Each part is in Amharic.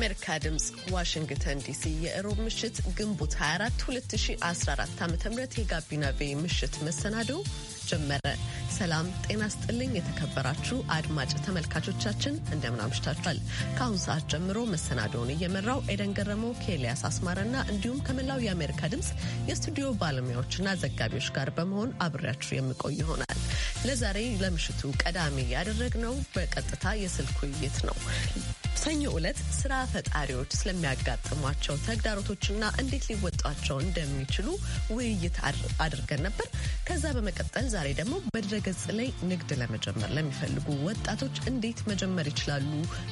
ከአሜሪካ ድምፅ ዋሽንግተን ዲሲ የእሮብ ምሽት ግንቦት 24 2014 ዓ ም የጋቢና ቤ ምሽት መሰናዶ ጀመረ። ሰላም ጤና ስጥልኝ። የተከበራችሁ አድማጭ ተመልካቾቻችን እንደምን አምሽታችኋል? ከአሁን ሰዓት ጀምሮ መሰናዶውን እየመራው ኤደን ገረመው ከኤልያስ አስማረና እንዲሁም ከመላው የአሜሪካ ድምፅ የስቱዲዮ ባለሙያዎችና ዘጋቢዎች ጋር በመሆን አብሬያችሁ የምቆይ ይሆናል። ለዛሬ ለምሽቱ ቀዳሚ ያደረግነው በቀጥታ የስልክ ውይይት ነው። ሰኞ ዕለት ስራ ፈጣሪዎች ስለሚያጋጥሟቸው ተግዳሮቶችና እንዴት ሊወጧቸው እንደሚችሉ ውይይት አድርገን ነበር። ከዛ በመቀጠል ዛሬ ደግሞ በድረገ ገጽ ላይ ንግድ ለመጀመር ለሚፈልጉ ወጣቶች እንዴት መጀመር ይችላሉ?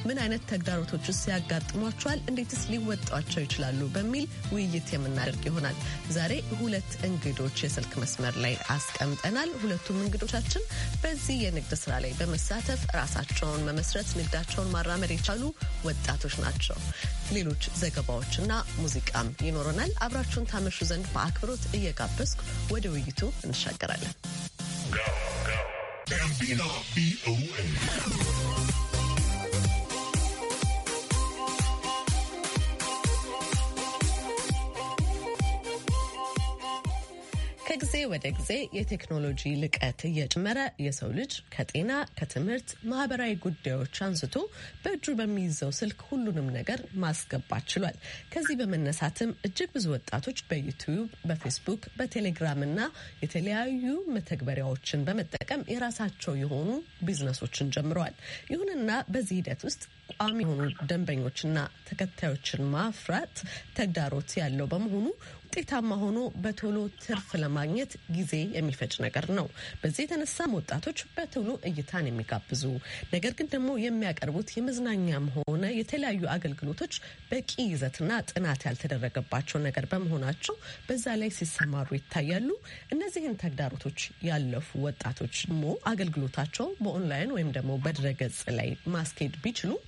ምን አይነት ተግዳሮቶችስ ያጋጥሟቸዋል? እንዴትስ ሊወጧቸው ይችላሉ? በሚል ውይይት የምናደርግ ይሆናል። ዛሬ ሁለት እንግዶች የስልክ መስመር ላይ አስቀምጠናል። ሁለቱም እንግዶቻችን በዚህ የንግድ ስራ ላይ በመሳተፍ ራሳቸውን መመስረት፣ ንግዳቸውን ማራመድ የቻሉ ወጣቶች ናቸው። ሌሎች ዘገባዎችና ሙዚቃም ይኖረናል። አብራችሁን ታመሹ ዘንድ በአክብሮት እየጋበዝኩ ወደ ውይይቱ እንሻገራለን። Bambino, be away. ከጊዜ ወደ ጊዜ የቴክኖሎጂ ልቀት እየጨመረ የሰው ልጅ ከጤና፣ ከትምህርት፣ ማህበራዊ ጉዳዮች አንስቶ በእጁ በሚይዘው ስልክ ሁሉንም ነገር ማስገባት ችሏል። ከዚህ በመነሳትም እጅግ ብዙ ወጣቶች በዩቲዩብ፣ በፌስቡክ፣ በቴሌግራም እና የተለያዩ መተግበሪያዎችን በመጠቀም የራሳቸው የሆኑ ቢዝነሶችን ጀምረዋል። ይሁንና በዚህ ሂደት ውስጥ ቋሚ የሆኑ ደንበኞችና ተከታዮችን ማፍራት ተግዳሮት ያለው በመሆኑ ውጤታማ ሆኖ በቶሎ ትርፍ ለማግኘት ጊዜ የሚፈጅ ነገር ነው። በዚህ የተነሳም ወጣቶች በቶሎ እይታን የሚጋብዙ ነገር ግን ደግሞ የሚያቀርቡት የመዝናኛም ሆነ የተለያዩ አገልግሎቶች በቂ ይዘትና ጥናት ያልተደረገባቸው ነገር በመሆናቸው በዛ ላይ ሲሰማሩ ይታያሉ። እነዚህን ተግዳሮቶች ያለፉ ወጣቶች ደግሞ አገልግሎታቸው በኦንላይን ወይም ደግሞ በድረገጽ ላይ ማስኬድ ቢችሉም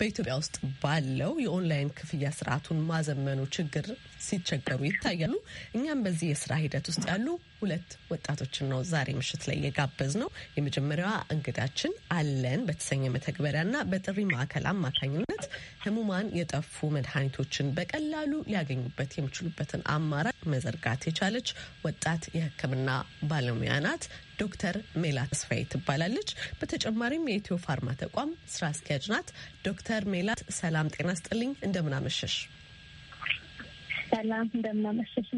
በኢትዮጵያ ውስጥ ባለው የኦንላይን ክፍያ ስርዓቱን ማዘመኑ ችግር ሲቸገሩ ይታያሉ። እኛም በዚህ የስራ ሂደት ውስጥ ያሉ ሁለት ወጣቶችን ነው ዛሬ ምሽት ላይ የጋበዝ ነው። የመጀመሪያዋ እንግዳችን አለን በተሰኘ መተግበሪያና በጥሪ ማዕከል አማካኝነት ህሙማን የጠፉ መድኃኒቶችን በቀላሉ ሊያገኙበት የሚችሉበትን አማራጭ መዘርጋት የቻለች ወጣት የህክምና ባለሙያ ናት። ዶክተር ሜላ ተስፋዬ ትባላለች። በተጨማሪም የኢትዮ ፋርማ ተቋም ስራ አስኪያጅ ናት። ዶክተር ዶክተር ሜላት ሰላም ጤና ስጥልኝ፣ እንደምናመሸሽ። ሰላም እንደምናመሸሽ።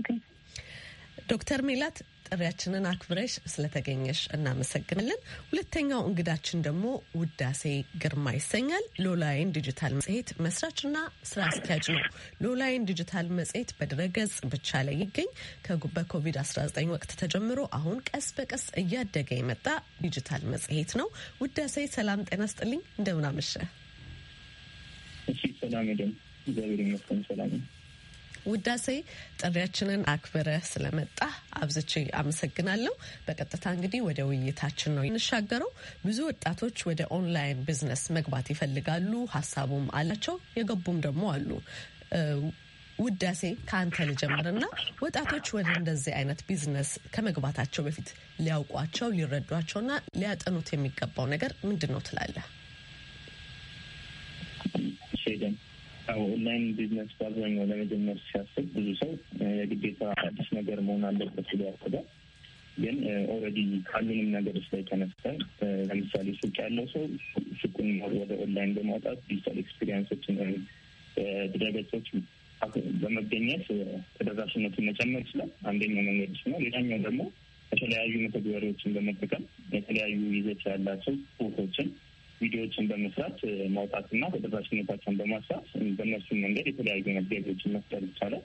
ዶክተር ሜላት ጥሪያችንን አክብረሽ ስለተገኘሽ እናመሰግናለን። ሁለተኛው እንግዳችን ደግሞ ውዳሴ ግርማ ይሰኛል። ሎላይን ዲጂታል መጽሔት መስራችና ስራ አስኪያጅ ነው። ሎላይን ዲጂታል መጽሔት በድረገጽ ብቻ ላይ ይገኝ በኮቪድ-19 ወቅት ተጀምሮ አሁን ቀስ በቀስ እያደገ የመጣ ዲጂታል መጽሔት ነው። ውዳሴ ሰላም ጤና ስጥልኝ እንደምናመሸ ሰላም ደም እግዚአብሔር ይመስገን ሰላም ውዳሴ ጥሪያችንን አክብረህ ስለመጣ አብዝቼ አመሰግናለሁ። በቀጥታ እንግዲህ ወደ ውይይታችን ነው የንሻገረው። ብዙ ወጣቶች ወደ ኦንላይን ቢዝነስ መግባት ይፈልጋሉ፣ ሀሳቡም አላቸው፣ የገቡም ደግሞ አሉ። ውዳሴ ከአንተ ልጀምርና ወጣቶች ወደ እንደዚህ አይነት ቢዝነስ ከመግባታቸው በፊት ሊያውቋቸው ሊረዷቸውና ሊያጠኑት የሚገባው ነገር ምንድን ነው ትላለህ? ሄደን ኦንላይን ቢዝነስ በአብዛኛው ለመጀመር ሲያስብ ብዙ ሰው የግዴታ አዲስ ነገር መሆን አለበት ብሎ ያስባል። ግን ኦልሬዲ ካሉንም ነገሮች ላይ ተነስተን ለምሳሌ ሱቅ ያለው ሰው ሱቁን ወደ ኦንላይን በማውጣት ዲጂታል ኤክስፒሪንሶችን ድረገጾች በመገኘት ተደራሽነቱን መጨመር ይችላል። አንደኛው መንገድ ነው። ሌላኛው ደግሞ የተለያዩ መተግበሪያዎችን በመጠቀም የተለያዩ ይዘት ያላቸው ጽሁፎችን ቪዲዮዎችን በመስራት ማውጣትና ተደራሽነታቸውን በማስራት በእነሱ መንገድ የተለያዩ መገቢዎችን መፍጠር ይቻላል።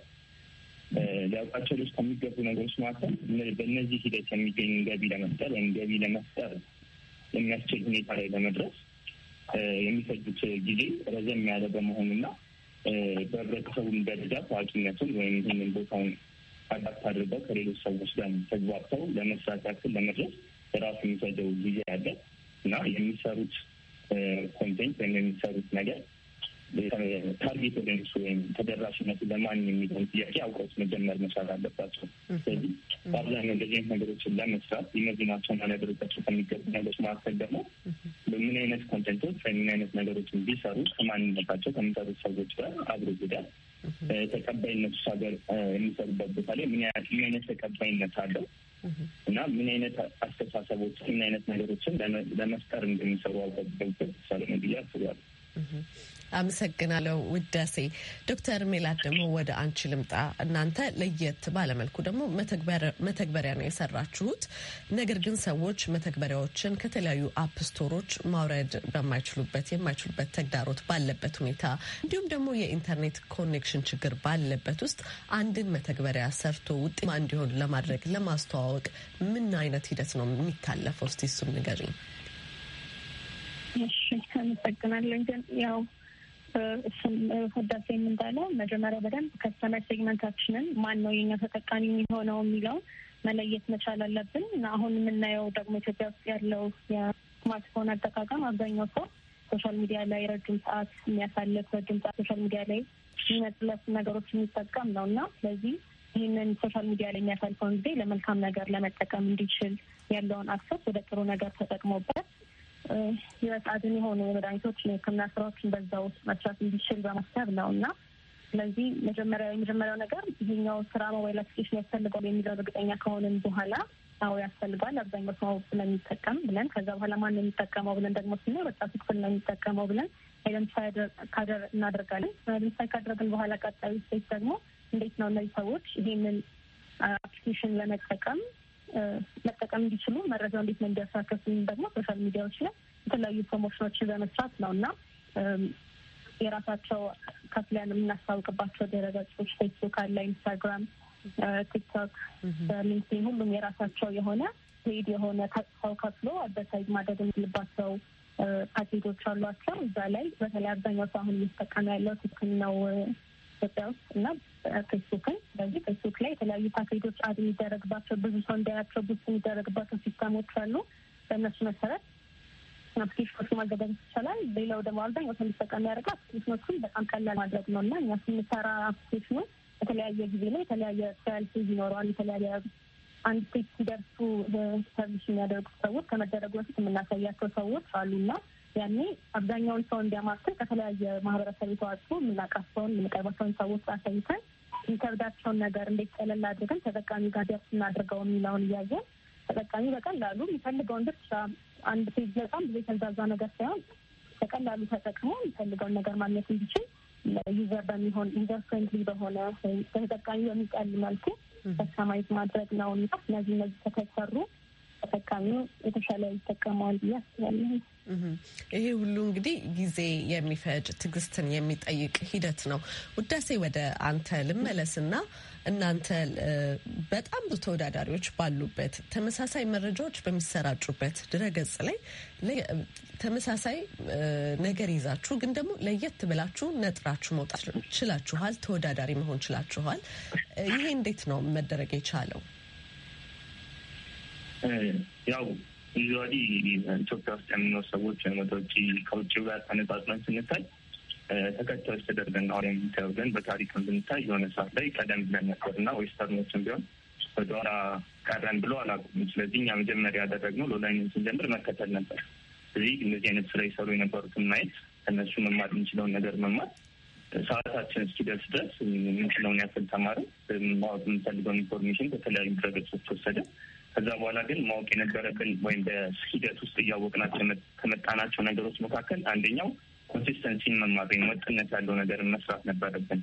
ሊያውቃቸው ልጅ ከሚገቡ ነገሮች መካከል በእነዚህ ሂደት የሚገኝ ገቢ ለመፍጠር ወይም ገቢ ለመፍጠር የሚያስችል ሁኔታ ላይ ለመድረስ የሚፈጁት ጊዜ ረዘም ያለ በመሆኑና በህብረተሰቡን ደረጃ ታዋቂነቱን ወይም ይህንን ቦታውን አዳፕት አድርገው ከሌሎች ሰዎች ጋር ተግባብተው ለመስራት ያክል ለመድረስ ራሱ የሚፈጀው ጊዜ ያለ እና የሚሰሩት ኮንቴንት ወይም የሚሰሩት ነገር ታርጌት ወደሱ ወይም ተደራሽነቱ ለማን የሚለውን ጥያቄ አውቀውት መጀመር መቻል አለባቸው። ስለዚህ በአብዛኛው እንደዚህ አይነት ነገሮችን ለመስራት ሊመዝናቸውና ሊያደርጋቸው ከሚገቡ ነገሮች መካከል ደግሞ በምን አይነት ኮንቴንቶች ወይም ምን አይነት ነገሮችን ቢሰሩ ከማንነታቸው ከሚሰሩት ሰዎች ጋር አብሮ ይሄዳል። ተቀባይነቱ ሀገር የሚሰሩበት ቦታ ላይ ምን አይነት ተቀባይነት አለው እና ምን አይነት አስተሳሰቦች ምን አይነት ነገሮችን ለመፍጠር እንደሚሰሩ አልገብቶ ሳለ ብዬ አስባለሁ። አመሰግናለሁ ውዳሴ። ዶክተር ሜላት ደግሞ ወደ አንቺ ልምጣ። እናንተ ለየት ባለመልኩ ደግሞ መተግበሪያ ነው የሰራችሁት። ነገር ግን ሰዎች መተግበሪያዎችን ከተለያዩ አፕ ስቶሮች ማውረድ በማይችሉበት የማይችሉበት ተግዳሮት ባለበት ሁኔታ እንዲሁም ደግሞ የኢንተርኔት ኮኔክሽን ችግር ባለበት ውስጥ አንድን መተግበሪያ ሰርቶ ውጤታማ እንዲሆን ለማድረግ ለማስተዋወቅ ምን አይነት ሂደት ነው የሚታለፈው? እስቲ እሱን ንገሪኝ። እሺ አመሰግናለሁ። ግን ያው እሱም ህዳሴም መጀመሪያ በደንብ ከስተመር ሴግመንታችንን ማን ነው የኛ ተጠቃሚ የሚሆነው የሚለው መለየት መቻል አለብን እና አሁን የምናየው ደግሞ ኢትዮጵያ ውስጥ ያለው የስማርትፎን አጠቃቀም አብዛኛው ሰው ሶሻል ሚዲያ ላይ ረጅም ሰዓት የሚያሳልፍ ረጅም ሰዓት ሶሻል ሚዲያ ላይ የሚመጥለት ነገሮች የሚጠቀም ነው እና ስለዚህ ይህንን ሶሻል ሚዲያ ላይ የሚያሳልፈውን ጊዜ ለመልካም ነገር ለመጠቀም እንዲችል ያለውን አክሰስ ወደ ጥሩ ነገር ተጠቅሞበት አድን የሆኑ መድኃኒቶች የሕክምና ስራዎችን ውስጥ መስራት እንዲችል በማሰብ ነው እና ስለዚህ መጀመሪያ የመጀመሪያው ነገር ይሄኛው ስራ ሞባይል አፕሊኬሽን ያስፈልገዋል የሚለው እርግጠኛ ከሆንን በኋላ አዎ ያስፈልጓል አብዛኛው ሰው ስለሚጠቀም ብለን ከዛ በኋላ ማን የሚጠቀመው ብለን ደግሞ ስናይ ወጣቱ ክፍል ነው የሚጠቀመው ብለን አይደምሳይ ካደር እናደርጋለን። አይደምሳይ ካደረግን በኋላ ቀጣዩ ስቴት ደግሞ እንዴት ነው እነዚህ ሰዎች ይሄንን አፕሊኬሽን ለመጠቀም መጠቀም እንዲችሉ መረጃ እንዴት ነው እንዲያሳከፍ ደግሞ ሶሻል ሚዲያዎች ላይ የተለያዩ ፕሮሞሽኖችን በመስራት ነው እና የራሳቸው ከፍለን የምናስታውቅባቸው ድረገጾች ፌስቡክ አለ፣ ኢንስታግራም፣ ቲክቶክ፣ ሊንክዲን ሁሉም የራሳቸው የሆነ ሄድ የሆነ ሰው ከፍሎ አድቨርታይዝ ማድረግ የሚችልባቸው ፓኬጆች አሏቸው። እዛ ላይ በተለይ አብዛኛው ሰው አሁን እየተጠቀመ ያለው ቲክን ነው ኢትዮጵያ ውስጥ እና ፌስቡክን። ስለዚህ ፌስቡክ ላይ የተለያዩ ፓኬጆች አድ የሚደረግባቸው ብዙ ሰው እንዳያቸው ብዙ የሚደረግባቸው ሲስተሞች አሉ። በእነሱ መሰረት አፕሊኬሽኖች ማዘጋጀት ይቻላል። ሌላው ደግሞ አብዛኛው ሰው እንዲጠቀም ያደርጋ አፕሊኬሽኖችን በጣም ቀላል ማድረግ ነው እና እኛ ስንሰራ አፕሊኬሽኑ በተለያየ ጊዜ ላይ የተለያየ ሰልፍ ይኖረዋል። የተለያየ አንድ ሴት ሲደርሱ ሰርቪስ የሚያደርጉ ሰዎች ከመደረጉ በፊት የምናሳያቸው ሰዎች አሉ እና ያኔ አብዛኛውን ሰው እንዲያማክል ከተለያየ ማህበረሰብ የተዋጡ የምናውቃቸውን የምንቀርባቸውን ሰዎች አሳይተን የሚከብዳቸውን ነገር እንዴት ቀለል አድርገን ተጠቃሚ ጋር ደርስ እናድርገው የሚለውን እያየን ተጠቃሚ በቀላሉ የሚፈልገውን ብቻ አንድ ፔጅ በጣም ብዙ የተዛዛ ነገር ሳይሆን በቀላሉ ተጠቅሞ የሚፈልገውን ነገር ማግኘት እንዲችል ዩዘር በሚሆን ዩዘር ፍሬንድሊ በሆነ ተጠቃሚ በሚቀል መልኩ ተሰማይት ማድረግ ነው እና እነዚህ እነዚህ ከተሰሩ ተጠቃሚው የተሻለ ይጠቀመዋል ብዬ አስባለሁ። ይሄ ሁሉ እንግዲህ ጊዜ የሚፈጅ ትዕግስትን የሚጠይቅ ሂደት ነው። ውዳሴ ወደ አንተ ልመለስና እናንተ በጣም ብዙ ተወዳዳሪዎች ባሉበት ተመሳሳይ መረጃዎች በሚሰራጩበት ድረገጽ ላይ ተመሳሳይ ነገር ይዛችሁ ግን ደግሞ ለየት ብላችሁ ነጥራችሁ መውጣት ችላችኋል። ተወዳዳሪ መሆን ችላችኋል። ይሄ እንዴት ነው መደረግ የቻለው? ያው ዩዛሊ ኢትዮጵያ ውስጥ የሚኖር ሰዎች ወይም ወደ ውጭ ከውጭ ጋር ተነጻጽለን ስንታይ ተከታዮች ተደርገን አሁን የሚታየው ግን በታሪክም ብንታይ የሆነ ሰዓት ላይ ቀደም ብለን ነበር እና ዌስተርኖችን ቢሆን ወደኋላ ቀረን ብሎ አላቁም። ስለዚህ እኛ መጀመሪያ ያደረግነው ሎላይንን ስንጀምር መከተል ነበር። ስለዚህ እነዚህ አይነት ስራ ይሰሩ የነበሩትን ማየት ከእነሱ መማር የምንችለውን ነገር መማር ሰዓታችን እስኪደርስ ድረስ የምንችለውን ያክል ተማርን። ማወቅ የምንፈልገውን ኢንፎርሜሽን በተለያዩ ድረገጾች ወሰደን። ከዛ በኋላ ግን ማወቅ የነበረብን ወይም በሂደት ውስጥ እያወቅናቸው ከመጣናቸው ነገሮች መካከል አንደኛው ኮንሲስተንሲን መማር ወይም ወጥነት ያለው ነገር መስራት ነበረብን።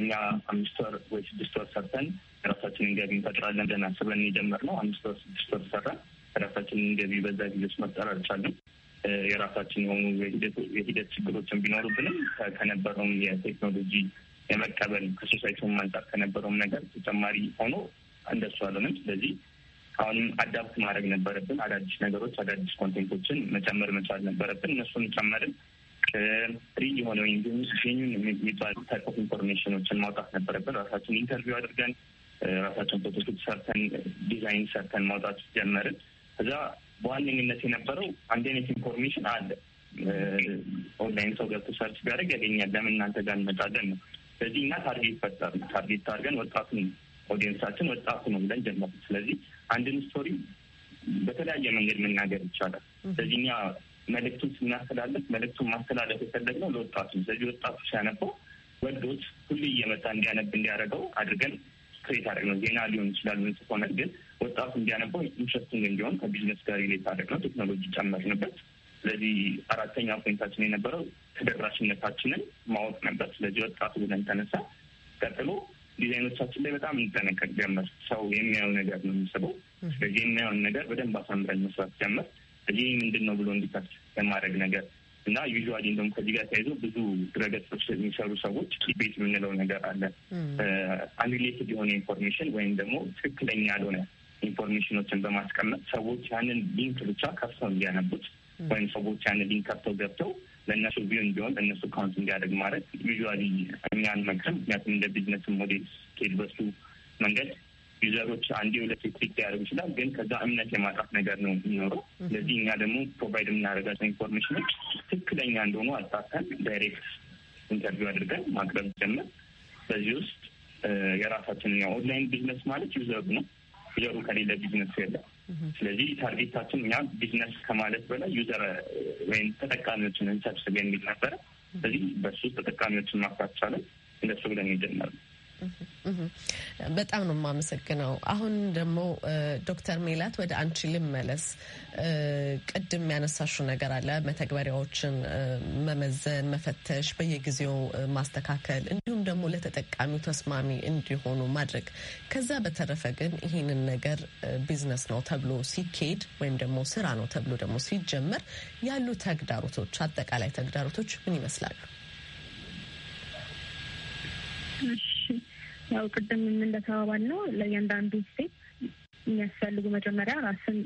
እኛ አምስት ወር ወይ ስድስት ወር ሰርተን ራሳችንን ገቢ እንፈጥራለን ብለን አስበን የጀመርነው አምስት ወር ስድስት ወር ሰራን። ራሳችንን ገቢ በዛ ጊዜ ውስጥ መፍጠር አልቻልንም። የራሳችን የሆኑ የሂደት ችግሮችን ቢኖሩብንም ከነበረውም የቴክኖሎጂ የመቀበል ከሶሳይቲውን አንጻር ከነበረውም ነገር ተጨማሪ ሆኖ እንደሱ አልሆንም። ስለዚህ አሁንም አዳፕት ማድረግ ነበረብን። አዳዲስ ነገሮች፣ አዳዲስ ኮንቴንቶችን መጨመር መቻል ነበረብን። እነሱን ጨመርን። ፍሪ የሆነ ወይም ደግሞ ስፌኙን የሚባሉ ታይፕ ኦፍ ኢንፎርሜሽኖችን ማውጣት ነበረብን። ራሳችን ኢንተርቪው አድርገን ራሳችን ፎቶሾፕ ሰርተን ዲዛይን ሰርተን ማውጣት ጀመርን። ከዛ በዋነኝነት የነበረው አንድ አይነት ኢንፎርሜሽን አለ ኦንላይን ሰው ገብቶ ሰርች ቢያደርግ ያገኛል። ለምን እናንተ ጋር እንመጣለን ነው። ስለዚህ እና ታርጌት ፈጠርን። ታርጌት ታርገን ወጣቱን ኦዲየንሳችን ወጣቱ ነው ብለን ጀመር። ስለዚህ አንድን ስቶሪ በተለያየ መንገድ መናገር ይቻላል። ስለዚህ እኛ መልእክቱን ስናስተላለፍ መልእክቱን ማስተላለፍ የፈለግነው ለወጣቱ። ስለዚህ ወጣቱ ሲያነበው ወዶት ሁሉ እየመጣ እንዲያነብ እንዲያደርገው አድርገን ክሬት አድርግ ነው። ዜና ሊሆን ይችላል ምንጽፎ ነገር ግን ወጣቱ እንዲያነባው ኢንትረስቲንግ እንዲሆን ከቢዝነስ ጋር ሌት አድርግ ነው። ቴክኖሎጂ ጨመርንበት። ስለዚህ አራተኛ ፖይንታችን የነበረው ተደራሽነታችንን ማወቅ ነበር። ስለዚህ ወጣቱ ብለን ተነሳ። ቀጥሎ ዲዛይኖቻችን ላይ በጣም እንጠነቀቅ ጀመር። ሰው የሚያየው ነገር ነው የሚስበው። ስለዚህ የሚያየውን ነገር በደንብ አሳምረን መስራት ጀመር። እዚህ ምንድን ነው ብሎ እንዲታስ የማድረግ ነገር እና ዩዥዋሊ እንደውም ከዚህ ጋር ተያይዞ ብዙ ድረገጾች የሚሰሩ ሰዎች ቤት የምንለው ነገር አለ። አንሪሌትድ የሆነ ኢንፎርሜሽን ወይም ደግሞ ትክክለኛ ያልሆነ ኢንፎርሜሽኖችን በማስቀመጥ ሰዎች ያንን ሊንክ ብቻ ከፍተው እንዲያነቡት ወይም ሰዎች ያንን ሊንክ ከፍተው ገብተው ለእነሱ ቢሆን ቢሆን እነሱ ካውንት እንዲያደርግ ማለት ዩዥዋሊ እኛ አንመክርም። ምክንያቱም እንደ ቢዝነስ ሞዴል ስኬል በሱ መንገድ ዩዘሮች አንዴ ሁለት ክሊክ ሊያደርጉ ይችላል፣ ግን ከዛ እምነት የማጣት ነገር ነው የሚኖረው። ስለዚህ እኛ ደግሞ ፕሮቫይድ የምናደርጋቸው ኢንፎርሜሽኖች ትክክለኛ እንደሆኑ አጣርተን ዳይሬክት ኢንተርቪው አድርገን ማቅረብ ጀመር። በዚህ ውስጥ የራሳችን ኦንላይን ቢዝነስ ማለት ዩዘሩ ነው። ዩዘሩ ከሌለ ቢዝነስ የለም። ስለዚህ ታርጌታችን እኛ ቢዝነስ ከማለት በላይ ዩዘር ወይም ተጠቃሚዎችን እንሰብስብ የሚል ነበረ። ስለዚህ በሱ ተጠቃሚዎችን ማፍራት ቻለን። እንደሱ ብለን የጀመርነው በጣም ነው የማመሰግነው። አሁን ደግሞ ዶክተር ሜላት ወደ አንቺ ልመለስ። ቅድም ያነሳሹ ነገር አለ፣ መተግበሪያዎችን መመዘን፣ መፈተሽ፣ በየጊዜው ማስተካከል፣ እንዲሁም ደግሞ ለተጠቃሚው ተስማሚ እንዲሆኑ ማድረግ። ከዛ በተረፈ ግን ይህንን ነገር ቢዝነስ ነው ተብሎ ሲኬድ ወይም ደግሞ ስራ ነው ተብሎ ደግሞ ሲጀመር ያሉ ተግዳሮቶች፣ አጠቃላይ ተግዳሮቶች ምን ይመስላሉ? ያው ቅድም እንደተባባል ነው ለእያንዳንዱ ስቴት የሚያስፈልጉ መጀመሪያ ራስን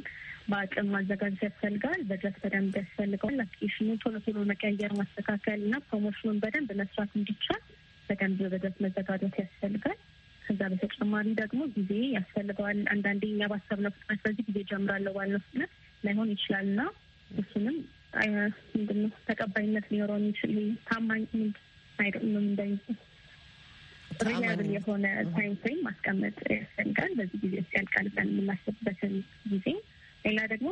በአቅም ማዘጋጀት ያስፈልጋል። በጀት በደንብ ያስፈልገዋል። አፕሊኬሽኑ ቶሎ ቶሎ መቀየር፣ ማስተካከል እና ፕሮሞሽኑን በደንብ መስራት እንዲቻል በደንብ በጀት መዘጋጀት ያስፈልጋል። ከዛ በተጨማሪ ደግሞ ጊዜ ያስፈልገዋል። አንዳንዴ እኛ ባሰብነው ፍጥነት በዚህ ጊዜ ጀምራለሁ ባልነው ፍጥነት ላይሆን ይችላል እና እሱንም ምንድን ነው ተቀባይነት ሊኖረው የሚችል ታማኝ ምንድ አይደ ምንደኝ ሪላብል የሆነ ታይም ፍሬም ማስቀመጥ ያስፈልጋል። በዚህ ጊዜ ውስጥ ያልቃል ብለን የምናስብበትን ጊዜ። ሌላ ደግሞ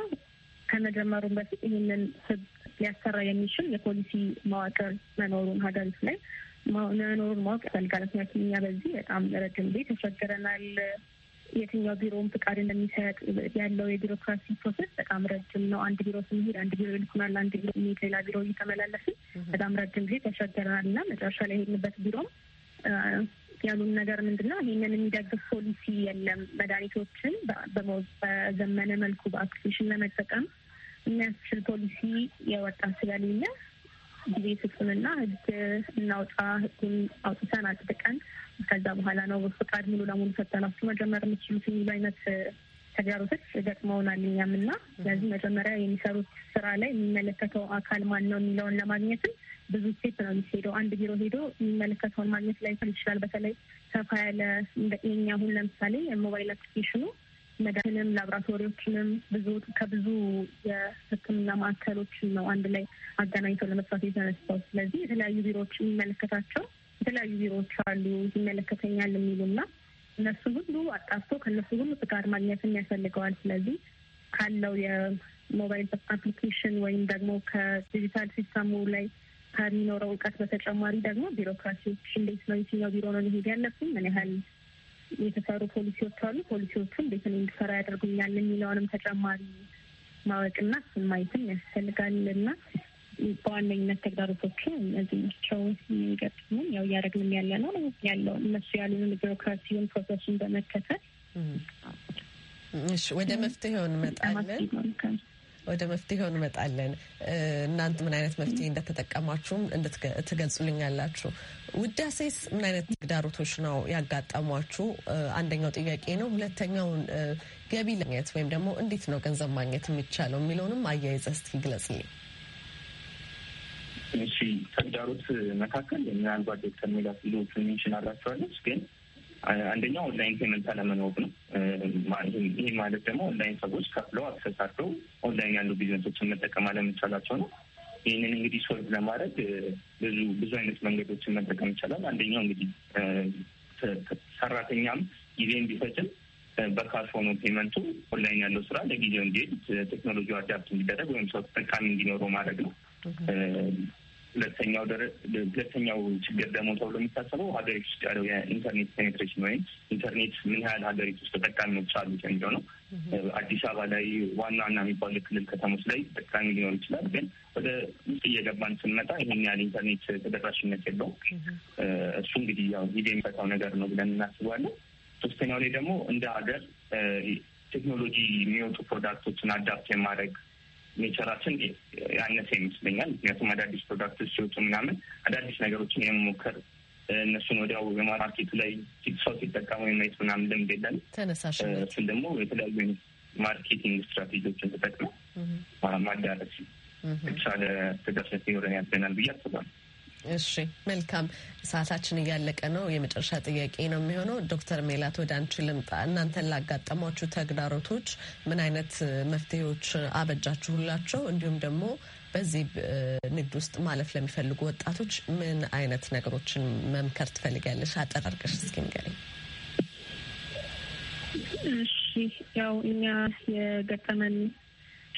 ከመጀመሩ በፊት ይህንን ህግ ሊያሰራ የሚችል የፖሊሲ መዋቅር መኖሩን ሀገሪቱ ላይ መኖሩን ማወቅ ያስፈልጋል። ምክንያቱም እኛ በዚህ በጣም ረጅም ጊዜ ተቸግረናል። የትኛው ቢሮውን ፍቃድ እንደሚሰጥ ያለው የቢሮክራሲ ፕሮሰስ በጣም ረጅም ነው። አንድ ቢሮ ስንሄድ አንድ ቢሮ ይልኩናል፣ አንድ ቢሮ ሌላ ቢሮ እየተመላለስን በጣም ረጅም ጊዜ ተሸገረናል እና መጨረሻ ላይ የሄድንበት ቢሮም ያሉን ነገር ምንድን ነው? ይህንን የሚደግፍ ፖሊሲ የለም። መድኃኒቶችን በዘመነ መልኩ በአፕሊኬሽን ለመጠቀም የሚያስችል ፖሊሲ የወጣ ስለሌለ ጊዜ ስጡንና ህግ እናውጣ። ህጉን አውጥተን አጥብቀን ከዛ በኋላ ነው ፈቃድ ሙሉ ለሙሉ ፈተናችሁ መጀመር የምችሉት የሚሉ አይነት ተግዳሮቶች ገጥመውናል እኛም እና ስለዚህ መጀመሪያ የሚሰሩት ስራ ላይ የሚመለከተው አካል ማን ነው የሚለውን ለማግኘትም ብዙ ስቴፕ ነው የሚሄደው። አንድ ቢሮ ሄዶ የሚመለከተውን ማግኘት ላይ ይችላል። በተለይ ሰፋ ያለ የኛ አሁን ለምሳሌ የሞባይል አፕሊኬሽኑ መድኃኒትንም ላብራቶሪዎችንም ብዙ ከብዙ የሕክምና ማዕከሎችን ነው አንድ ላይ አገናኝተው ለመስራት የተነሳው። ስለዚህ የተለያዩ ቢሮዎች የሚመለከታቸው የተለያዩ ቢሮዎች አሉ ይመለከተኛል የሚሉና እነሱ ሁሉ አጣፍቶ ከእነሱ ሁሉ ፍቃድ ማግኘትም ያስፈልገዋል። ስለዚህ ካለው የሞባይል አፕሊኬሽን ወይም ደግሞ ከዲጂታል ሲስተሙ ላይ ከሚኖረው እውቀት በተጨማሪ ደግሞ ቢሮክራሲዎች እንዴት ነው፣ የትኛው ቢሮ ነው ሊሄድ ያለብኝ፣ ምን ያህል የተሰሩ ፖሊሲዎች አሉ፣ ፖሊሲዎቹ እንዴት ነው እንዲሰራ ያደርጉኛል የሚለውንም ተጨማሪ ማወቅና እሱን ማየትም ያስፈልጋል ያስፈልጋልና በዋነኝነት ተግዳሮቶቹ እነዚህ ናቸው የሚገጥሙን። ያው እያደረግንም ያለ ነው ያለው እነሱ ያሉንን ቢሮክራሲውን ፕሮሰሱን በመከተል እሺ፣ ወደ መፍትሄውን እንመጣለን። ወደ መፍትሄው እንመጣለን። እናንተ ምን አይነት መፍትሄ እንደተጠቀማችሁም ትገልጹልኛላችሁ። ውዳሴስ ምን አይነት ተግዳሮቶች ነው ያጋጠሟችሁ? አንደኛው ጥያቄ ነው። ሁለተኛውን ገቢ ለማግኘት ወይም ደግሞ እንዴት ነው ገንዘብ ማግኘት የሚቻለው የሚለውንም አያይዘ እስኪ ግለጽልኝ። እሺ ተግዳሮት መካከል ምናልባት ዶክተር ሜላት ሉ ሜንሽን አላቸዋለች ግን አንደኛው ኦንላይን ፔመንት አለመኖር ነው። ይህ ማለት ደግሞ ኦንላይን ሰዎች ከፍለው አክሰሳቸው ኦንላይን ያሉ ቢዝነሶችን መጠቀም አለመቻላቸው ነው። ይህንን እንግዲህ ሶልቭ ለማድረግ ብዙ ብዙ አይነት መንገዶችን መጠቀም ይቻላል። አንደኛው እንግዲህ ሰራተኛም ጊዜም ቢፈጭም በካሽ ሆኖ ፔመንቱ ኦንላይን ያለው ስራ ለጊዜው እንዲሄድ ቴክኖሎጂ አዳፕት እንዲደረግ ወይም ሰው ተጠቃሚ እንዲኖረው ማድረግ ነው። ሁለተኛው ሁለተኛው ችግር ደግሞ ተብሎ የሚታሰበው ሀገሪቱ ውስጥ ያለው የኢንተርኔት ፔኔትሬሽን ወይም ኢንተርኔት ምን ያህል ሀገሪቱ ውስጥ ተጠቃሚዎች አሉት የሚለው ነው። አዲስ አበባ ላይ ዋና ዋና የሚባሉ የክልል ከተሞች ላይ ተጠቃሚ ሊኖር ይችላል፣ ግን ወደ ውስጥ እየገባን ስንመጣ ይህን ያህል ኢንተርኔት ተደራሽነት የለውም። እሱ እንግዲህ ያው ጊዜ የሚፈታው ነገር ነው ብለን እናስባለን። ሶስተኛው ላይ ደግሞ እንደ ሀገር ቴክኖሎጂ የሚወጡ ፕሮዳክቶችን አዳፕት የማድረግ ኔቸራችን ያነሰ ይመስለኛል። ምክንያቱም አዳዲስ ፕሮዳክቶች ሲወጡ ምናምን አዳዲስ ነገሮችን የመሞከር እነሱን ወዲያው የማርኬቱ ላይ ሰው ሲጠቀሙ የማየት ምናምን ልምድ የለን። ተነሳሽነት እሱን ደግሞ የተለያዩ ማርኬቲንግ ስትራቴጂዎችን ተጠቅመ ማዳረስ የተሻለ ተደርሰት ይኖረን ያደናል ብዬ አስባለሁ። እሺ መልካም ሰዓታችን እያለቀ ነው። የመጨረሻ ጥያቄ ነው የሚሆነው። ዶክተር ሜላት ወደ አንቺ ልምጣ። እናንተን ላጋጠሟችሁ ተግዳሮቶች ምን አይነት መፍትሄዎች አበጃችሁላቸው? እንዲሁም ደግሞ በዚህ ንግድ ውስጥ ማለፍ ለሚፈልጉ ወጣቶች ምን አይነት ነገሮችን መምከር ትፈልጋለሽ? አጠራርቀሽ እስኪ ንገሪኝ። እሺ ያው እኛ የገጠመን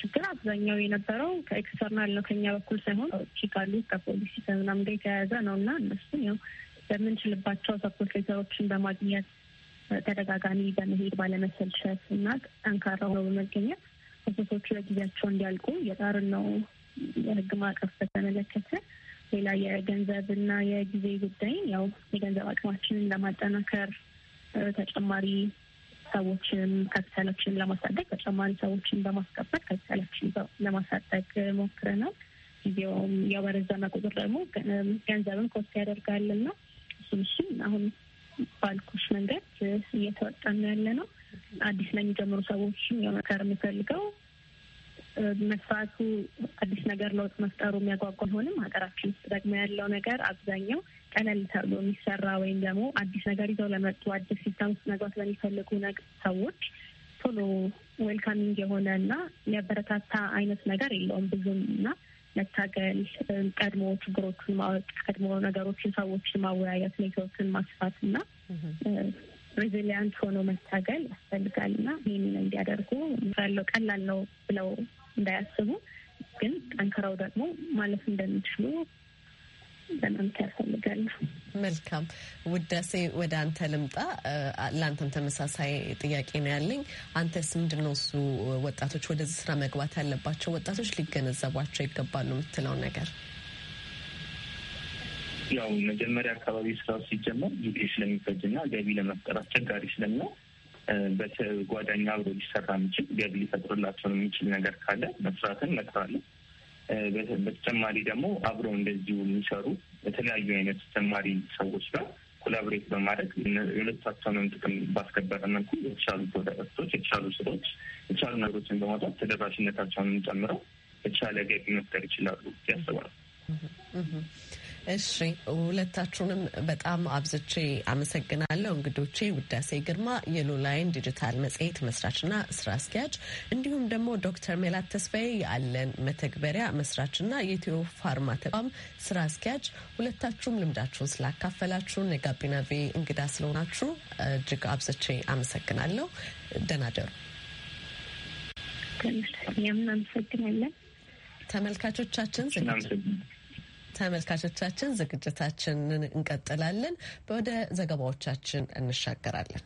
ችግር አብዛኛው የነበረው ከኤክስተርናል ነው ከኛ በኩል ሳይሆን ውጭ ካሉ ከፖሊሲ ከምናምን ጋር የተያያዘ ነው እና እነሱም ያው በምንችልባቸው ሰፖርቴተሮችን በማግኘት ተደጋጋሚ በመሄድ ባለመሰልቸት እና ጠንካራ ሆነው በመገኘት ክሶቹ ለጊዜያቸው እንዲያልቁ የጣርን ነው። የህግ ማዕቀፍ በተመለከተ ሌላ የገንዘብና የጊዜ ጉዳይ ያው የገንዘብ አቅማችንን ለማጠናከር ተጨማሪ ሰዎችን ካፒታላችን ለማሳደግ ተጨማሪ ሰዎችን በማስቀበል ካፒታላችን ለማሳደግ ሞክረናል። ጊዜውም የበረዘመ ቁጥር ደግሞ ገንዘብን ኮስት ያደርጋልና እሱም እሱም አሁን ባልኩሽ መንገድ ነው ያለ ነው። አዲስ ነኝ የሚጀምሩ ሰዎችም የመከር የሚፈልገው መስራቱ አዲስ ነገር ለውጥ መፍጠሩ የሚያጓጓ ቢሆንም ሀገራችን ውስጥ ደግሞ ያለው ነገር አብዛኛው ቀለል ተብሎ የሚሰራ ወይም ደግሞ አዲስ ነገር ይዘው ለመጡ አዲስ ሲስተም ውስጥ መግባት ለሚፈልጉ ሰዎች ቶሎ ዌልካሚንግ የሆነ እና የሚያበረታታ አይነት ነገር የለውም ብዙም እና መታገል፣ ቀድሞ ችግሮችን ማወቅ፣ ቀድሞ ነገሮችን ሰዎችን ማወያየት፣ ኔትወርክን ማስፋት እና ሬዚሊያንት ሆኖ መታገል ያስፈልጋል እና ይህንን እንዲያደርጉ ያለው ቀላል ነው ብለው እንዳያስቡ ግን ጠንክረው ደግሞ ማለፍ እንደሚችሉ ለማምት ያስፈልጋል። መልካም ውዳሴ፣ ወደ አንተ ልምጣ። ለአንተም ተመሳሳይ ጥያቄ ነው ያለኝ። አንተስ ምንድን እሱ ወጣቶች ወደዚህ ስራ መግባት ያለባቸው ወጣቶች ሊገነዘቧቸው ይገባሉ የምትለው ነገር? ያው መጀመሪያ አካባቢ ስራ ሲጀመር ጊዜ ስለሚፈጅና ገቢ ለመፍጠር አስቸጋሪ ስለሚሆን በተጓዳኝ አብሮ ሊሰራ የሚችል ገቢ ሊፈጥርላቸው የሚችል ነገር ካለ መስራትን እመክራለሁ። በተጨማሪ ደግሞ አብረው እንደዚሁ የሚሰሩ የተለያዩ አይነት ተማሪ ሰዎች ጋር ኮላቦሬት በማድረግ የሁለታቸውንም ጥቅም ባስከበረ መልኩ የተሻሉ ፕሮዳክቶች፣ የተሻሉ ስሮች፣ የተሻሉ ነገሮችን በማውጣት ተደራሽነታቸውንም ጨምረው የተሻለ ገቢ መፍጠር ይችላሉ ያስባሉ። እሺ ሁለታችሁንም በጣም አብዝቼ አመሰግናለሁ። እንግዶቼ ውዳሴ ግርማ የሎላይን ዲጂታል መጽሔት መስራችና ስራ አስኪያጅ እንዲሁም ደግሞ ዶክተር ሜላት ተስፋዬ የአለን መተግበሪያ መስራችና የኢትዮ ፋርማ ተቋም ስራ አስኪያጅ፣ ሁለታችሁም ልምዳችሁን ስላካፈላችሁ የጋቢና ቪ እንግዳ ስለሆናችሁ እጅግ አብዝቼ አመሰግናለሁ። ደናደሩ ተመልካቾቻችን ተመልካቾቻችን ዝግጅታችንን እንቀጥላለን። ወደ ዘገባዎቻችን እንሻገራለን።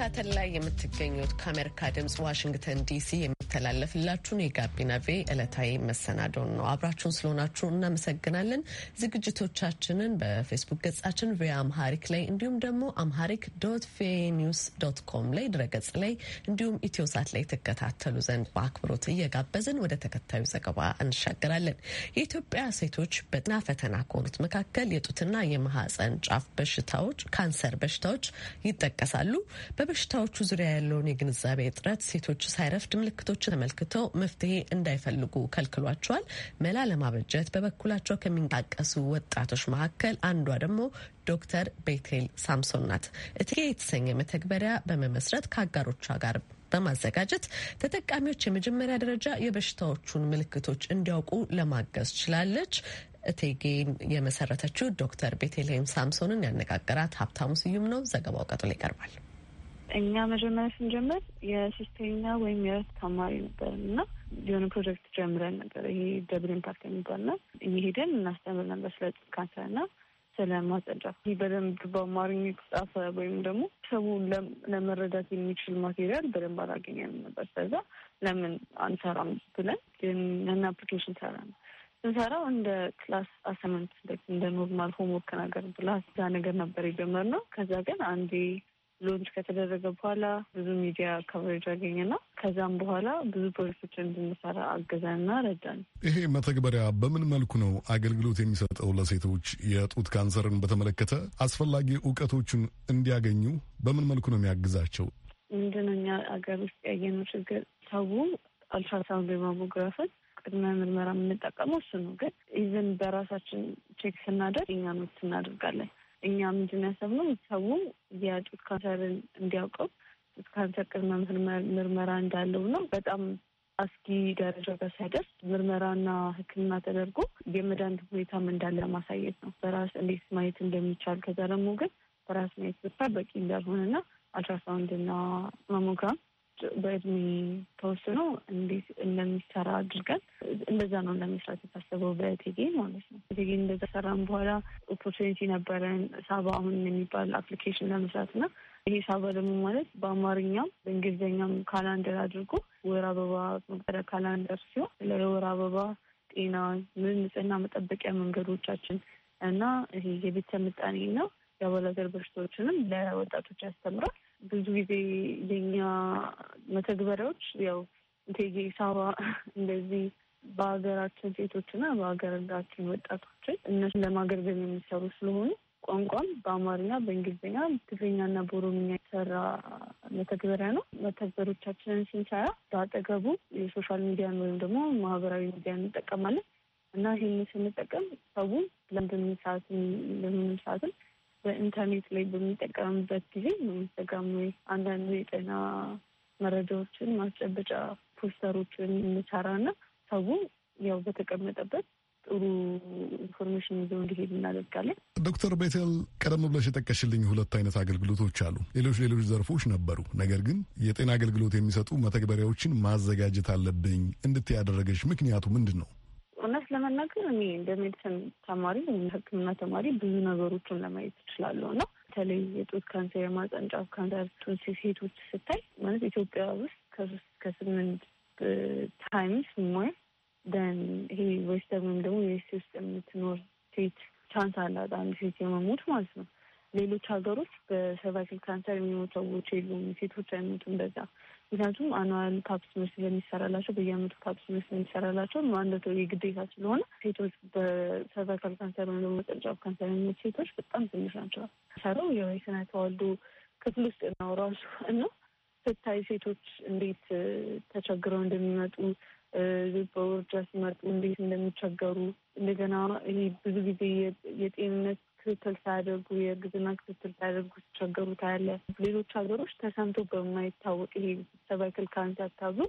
በመከታተል ላይ የምትገኙት ከአሜሪካ ድምጽ ዋሽንግተን ዲሲ የሚተላለፍላችሁን የጋቢና ቬ እለታዊ መሰናዶን ነው። አብራችሁን ስለሆናችሁ እናመሰግናለን። ዝግጅቶቻችንን በፌስቡክ ገጻችን ቪ አምሃሪክ ላይ እንዲሁም ደግሞ አምሃሪክ ዶት ቪ ኒውስ ዶት ኮም ላይ ድረገጽ ላይ እንዲሁም ሳት ላይ ትከታተሉ ዘንድ በአክብሮት እየጋበዝን ወደ ተከታዩ ዘገባ እንሻገራለን። የኢትዮጵያ ሴቶች በጤና ፈተና ከሆኑት መካከል የጡትና የማህፀን ጫፍ በሽታዎች ካንሰር በሽታዎች ይጠቀሳሉ። በበሽታዎቹ ዙሪያ ያለውን የግንዛቤ እጥረት ሴቶች ሳይረፍድ ምልክቶችን ተመልክተው መፍትሄ እንዳይፈልጉ ከልክሏቸዋል። መላ ለማበጀት በበኩላቸው ከሚንቀሳቀሱ ወጣቶች መካከል አንዷ ደግሞ ዶክተር ቤቴል ሳምሶን ናት። እትጌ የተሰኘ መተግበሪያ በመመስረት ከአጋሮቿ ጋር በማዘጋጀት ተጠቃሚዎች የመጀመሪያ ደረጃ የበሽታዎቹን ምልክቶች እንዲያውቁ ለማገዝ ችላለች። እቴጌን የመሰረተችው ዶክተር ቤቴልሄም ሳምሶንን ያነጋገራት ሀብታሙ ስዩም ነው። ዘገባው ቀጥሎ ይቀርባል። እኛ መጀመሪያ ስንጀምር የሶስተኛ ወይም የረት ተማሪ ነበር እና የሆነ ፕሮጀክት ጀምረን ነበር። ይሄ ደብል ኢምፓክት ነው። እየሄደን እናስተምር ነበር ስለ ጡት ካንሰር እና ስለ ማጸጫ ይህ በደንብ በአማርኛ የተጻፈ ወይም ደግሞ ሰው ለመረዳት የሚችል ማቴሪያል በደንብ አላገኘንም ነበር። ስለዛ ለምን አንሰራም ብለን ያን አፕሊኬሽን ሰራ ነው ስንሰራው እንደ ክላስ አሰመንት እንደ ኖርማል ሆምወርክ ነገር ብላ ዛ ነገር ነበር የጀመርነው። ከዛ ግን አንዴ ሎንች ከተደረገ በኋላ ብዙ ሚዲያ ካቨሬጅ አገኘና ከዛም በኋላ ብዙ ፕሮጀክቶች እንድንሰራ አገዛና ረዳን። ይሄ መተግበሪያ በምን መልኩ ነው አገልግሎት የሚሰጠው? ለሴቶች የጡት ካንሰርን በተመለከተ አስፈላጊ እውቀቶችን እንዲያገኙ በምን መልኩ ነው የሚያግዛቸው? ምንድነው እኛ አገር ውስጥ ያየነው ችግር ሰው አልትራሳውንድ ማሞግራፍን ቅድመ ምርመራ የምንጠቀመው እሱ ነው። ግን ይዘን በራሳችን ቼክ ስናደርግ እኛ ምት እናደርጋለን እኛ ምንድን ያሰብነው ሰው የጡት ካንሰርን እንዲያውቀው ጡት ካንሰር ቅድመ ምርመራ እንዳለው ነው። በጣም አስጊ ደረጃ ጋር ሳይደርስ ምርመራና ሕክምና ተደርጎ የመዳን ሁኔታም እንዳለ ማሳየት ነው። በራስ እንዴት ማየት እንደሚቻል ከዛ ደግሞ ግን በራስ ማየት ብቻ በቂ እንዳልሆነና አልትራሳውንድና ማሞግራም በእድሜ ተወስኖ እንዴት እንደሚሰራ አድርገን እንደዛ ነው ለመስራት የታሰበው በቴጌ ማለት ነው። ቴጌ እንደዛ ሰራን በኋላ ኦፖርቹኒቲ ነበረን ሳባ አሁን የሚባል አፕሊኬሽን ለመስራት እና ይሄ ሳባ ደግሞ ማለት በአማርኛም በእንግሊዝኛም ካላንደር አድርጎ ወር አበባ መቁጠሪያ ካላንደር ሲሆን ለወር አበባ ጤና፣ ምን ንጽህና መጠበቂያ መንገዶቻችን እና ይሄ የቤተሰብ ምጣኔና የአባላዘር በሽታዎችንም ለወጣቶች ያስተምራል። ብዙ ጊዜ የኛ መተግበሪያዎች ያው እቴጌ ሳባ እንደዚህ በሀገራችን ሴቶችና በሀገራችን ወጣቶችን እነሱን ለማገልገል የሚሰሩ ስለሆኑ ቋንቋም በአማርኛ፣ በእንግሊዝኛ፣ ትግርኛና በኦሮምኛ የተሰራ መተግበሪያ ነው። መተግበሮቻችንን ስንሰራ በአጠገቡ የሶሻል ሚዲያን ወይም ደግሞ ማህበራዊ ሚዲያ እንጠቀማለን እና ይህን ስንጠቀም ሰው ለምንም ሰዓት ለምንም ሰዓትም በኢንተርኔት ላይ በሚጠቀምበት ጊዜ ኢንስታግራም ወይ አንዳንዱ የጤና መረጃዎችን ማስጨበጫ ፖስተሮችን እንሰራና ሰው ያው በተቀመጠበት ጥሩ ኢንፎርሜሽን ይዘው እንዲሄድ እናደርጋለን። ዶክተር ቤተል ቀደም ብለሽ የጠቀሽልኝ ሁለት አይነት አገልግሎቶች አሉ። ሌሎች ሌሎች ዘርፎች ነበሩ። ነገር ግን የጤና አገልግሎት የሚሰጡ መተግበሪያዎችን ማዘጋጀት አለብኝ እንድት ያደረገች ምክንያቱ ምንድን ነው? ለመናገር እኔ እንደ ሜዲሲን ተማሪ ወይም ሕክምና ተማሪ ብዙ ነገሮችን ለማየት እችላለሁ እና በተለይ የጡት ካንሰር፣ የማህጸን ጫፍ ካንሰር ሴቶች ስታይ ማለት ኢትዮጵያ ውስጥ ከሶስት ከስምንት ታይምስ ሞር ደን ይሄ ዌስተርን ወይም ደግሞ የስ ውስጥ የምትኖር ሴት ቻንስ አላት አንድ ሴት የመሞት ማለት ነው። ሌሎች ሀገሮች በሰርቫይክል ካንሰር የሚሞቱ ሰዎች የሉም፣ ሴቶች አይሞቱም በዛ። ምክንያቱም አኗዋል ፓፕ ስሜር ስለሚሰራላቸው በየአመቱ ፓፕ ስሜር ስለሚሰራላቸው አንድ የግዴታ ስለሆነ ሴቶች በሰርቫይካል ካንሰር ወይም ደግሞ መጠጫፍ ካንሰር የሚሞት ሴቶች በጣም ትንሽ ናቸው። ሰራው የስነ ተዋልዶ ክፍል ውስጥ ነው ራሱ እና ስታይ ሴቶች እንዴት ተቸግረው እንደሚመጡ በውርጃ ሲመጡ እንዴት እንደሚቸገሩ እንደገና ይሄ ብዙ ጊዜ የጤንነት ክትትል ሳያደርጉ የእርግዝና ክትትል ሳያደርጉ ሲቸገሩ ታያለ። ሌሎች ሀገሮች ተሰምቶ በማይታወቅ ይሄ ሰባይክል ካንሰር ተብሎ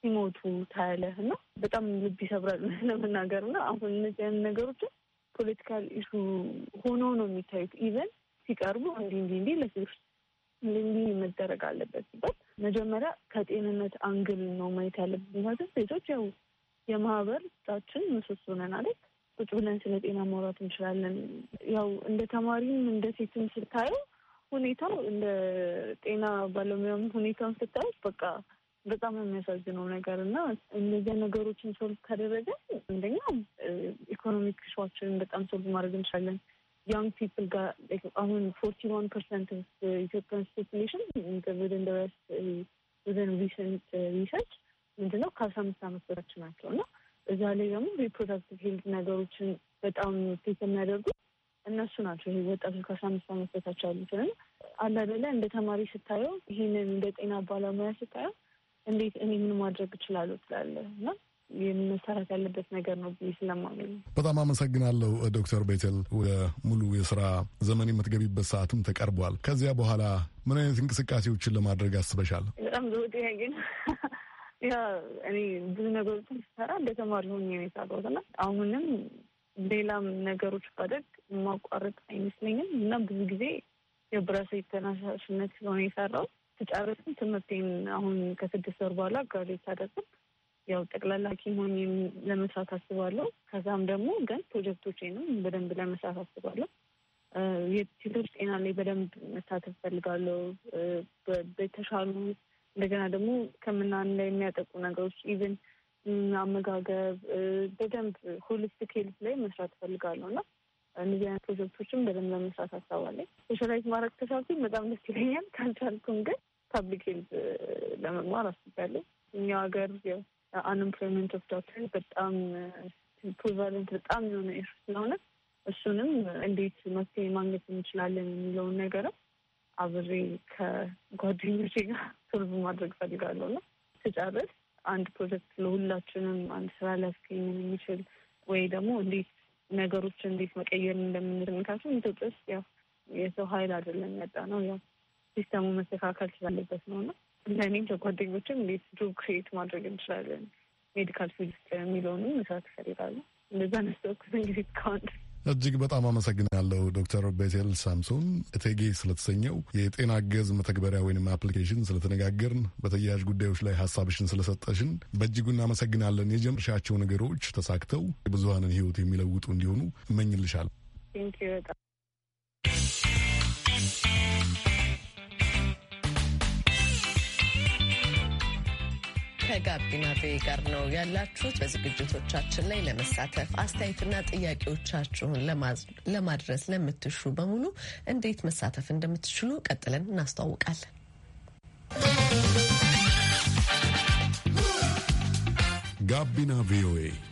ሲሞቱ ታያለ እና በጣም ልብ ይሰብራል ለመናገር እና አሁን እነዚያን ነገሮችን ፖለቲካል ኢሹ ሆኖ ነው የሚታዩት። ኢቨን ሲቀርቡ እንዲህ እንዲህ እንዲህ ለሴቶች እንዲህ መደረግ አለበት ሲባል መጀመሪያ ከጤንነት አንግል ነው ማየት ያለብን። ምክንያቱም ሴቶች ያው የማህበር የማህበረሰባችን ምሰሶ ነን አይደል? ቁጭ ብለን ስለ ጤና ማውራት እንችላለን። ያው እንደ ተማሪም እንደ ሴትም ስታየው ሁኔታው እንደ ጤና ባለሙያም ሁኔታውን ስታየው በቃ በጣም የሚያሳዝነው ነገር እና እነዚያ ነገሮችን ሶልቭ ካደረገ አንደኛ ኢኮኖሚክ ሸዋችንን በጣም ሶልቭ ማድረግ እንችላለን። ያንግ ፒፕል ጋር አሁን ፎርቲ ዋን ፐርሰንት ኢትዮጵያን ፖፕሌሽን ወደን ደረስ ወደን ሪሰንት ሪሰርች ምንድነው ከአስራ አምስት አመት በታች ናቸው እና እዛ ላይ ደግሞ ሪፕሮዳክቲቭ ሄልት ነገሮችን በጣም ውጤት የሚያደርጉ እነሱ ናቸው። ይሄ ወጣቱ ከአስራ አምስት ዓመት በታች ያሉትንም አላደለ እንደ ተማሪ ስታየው ይህንን እንደ ጤና ባለሙያ ስታየው እንዴት እኔ ምን ማድረግ እችላለሁ ትላለህ እና የመሰራት ያለበት ነገር ነው ብዬ ስለማገኝ በጣም አመሰግናለሁ ዶክተር ቤተል። ወደ ሙሉ የስራ ዘመን የምትገቢበት ሰዓትም ተቀርቧል። ከዚያ በኋላ ምን አይነት እንቅስቃሴዎችን ለማድረግ አስበሻል? በጣም ዘውጤ ጥያቄ ያ እኔ ብዙ ነገሮችን ስሰራ እንደ ተማሪ ሆኜ ነው የሰራሁት እና አሁንም ሌላም ነገሮች ባደግ የማቋረጥ አይመስለኝም እና ብዙ ጊዜ የብራሴ ተነሳሽነት ስለሆነ የሰራው ተጫረስም ትምህርቴን አሁን ከስድስት ወር በኋላ ጋሌጅ አደርግም ያው ጠቅላላ ሐኪም ሆኜ ለመስራት አስባለሁ። ከዛም ደግሞ ግን ፕሮጀክቶቼንም በደንብ ለመስራት አስባለሁ። የሴቶች ጤና ላይ በደንብ መሳተፍ ፈልጋለሁ። በተሻሉ እንደገና ደግሞ ሕክምናን የሚያጠቁ ነገሮች ኢቨን አመጋገብ በደንብ ሆሊስቲክ ሄልት ላይ መስራት እፈልጋለሁ እና እነዚህ አይነት ፕሮጀክቶችም በደንብ ለመስራት አሳባለኝ። ሶሻላይዝ ማድረግ ተቻልኩኝ በጣም ደስ ይለኛል። ካልቻልኩም ግን ፐብሊክ ሄልት ለመማር አስቤያለሁ። እኛው ሀገር አንኤምፕሎይመንት ኦፍ ዶክተር በጣም ፕሪቫለንት በጣም የሆነ ስለሆነ እሱንም እንዴት መፍትሄ ማግኘት እንችላለን የሚለውን ነገርም አብሬ ከጓደኞቼ ጋር ሰርቭ ማድረግ ፈልጋለሁ እና ስጨርስ አንድ ፕሮጀክት ለሁላችንም አንድ ስራ ሊያስገኝን የሚችል ወይ ደግሞ እንዴት ነገሮች እንዴት መቀየር እንደምንችል ምክንያቱም ኢትዮጵያ ውስጥ ያው የሰው ሀይል አይደለም ያጣ ነው ያው ሲስተሙ መስተካከል ስላለበት ነው እና ለእኔም ለጓደኞችም እንዴት ጆብ ክሬት ማድረግ እንችላለን ሜዲካል ፊልድ የሚለውንም መስራት ይፈልጋሉ። እንደዛ ነስተወኩት እንግዲህ ከአንድ እጅግ በጣም አመሰግናለሁ ዶክተር ቤቴል ሳምሶን እቴጌ ስለተሰኘው የጤና ገዝ መተግበሪያ ወይም አፕሊኬሽን ስለተነጋገርን፣ በተያያዥ ጉዳዮች ላይ ሀሳብሽን ስለሰጠሽን በእጅጉ እናመሰግናለን። የጀመርሻቸው ነገሮች ተሳክተው የብዙሀንን ህይወት የሚለውጡ እንዲሆኑ እመኝልሻለሁ። ከጋቢና ቤ ጋር ነው ያላችሁት። በዝግጅቶቻችን ላይ ለመሳተፍ አስተያየትና ጥያቄዎቻችሁን ለማድረስ ለምትሹ በሙሉ እንዴት መሳተፍ እንደምትችሉ ቀጥለን እናስተዋውቃለን። ጋቢና ቪኦኤ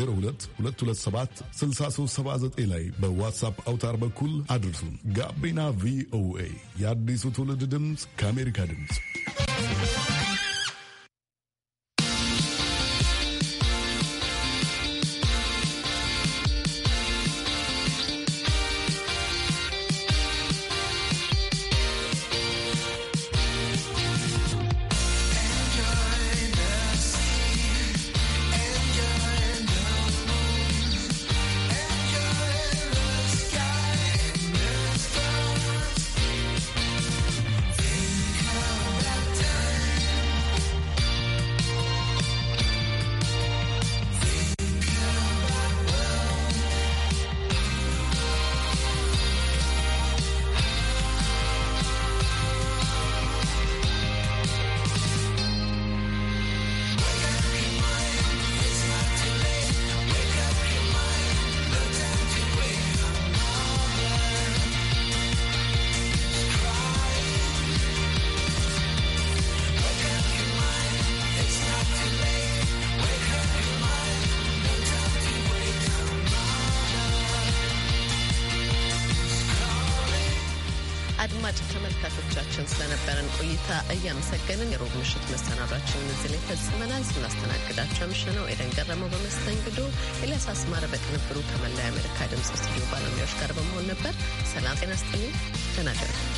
202 ላይ በዋትሳፕ አውታር በኩል አድርሱን። ጋቢና ቪኦኤ የአዲሱ ትውልድ ድምፅ ከአሜሪካ ድምፅ አድማጭ ተመልካቾቻችን ስለነበረን ቆይታ እያመሰገንን የሮብ ምሽት መሰናዷችንን እዚህ ላይ ፈጽመናል። ስናስተናግዳቸው ምሽ ነው ኤደን ገረመው በመስተንግዶ ኤልያስ አስማረ በቅንብሩ ከመላው የአሜሪካ ድምፅ ስቱዲዮ ባለሙያዎች ጋር በመሆን ነበር። ሰላም ጤና ስጥልኝ። ደህና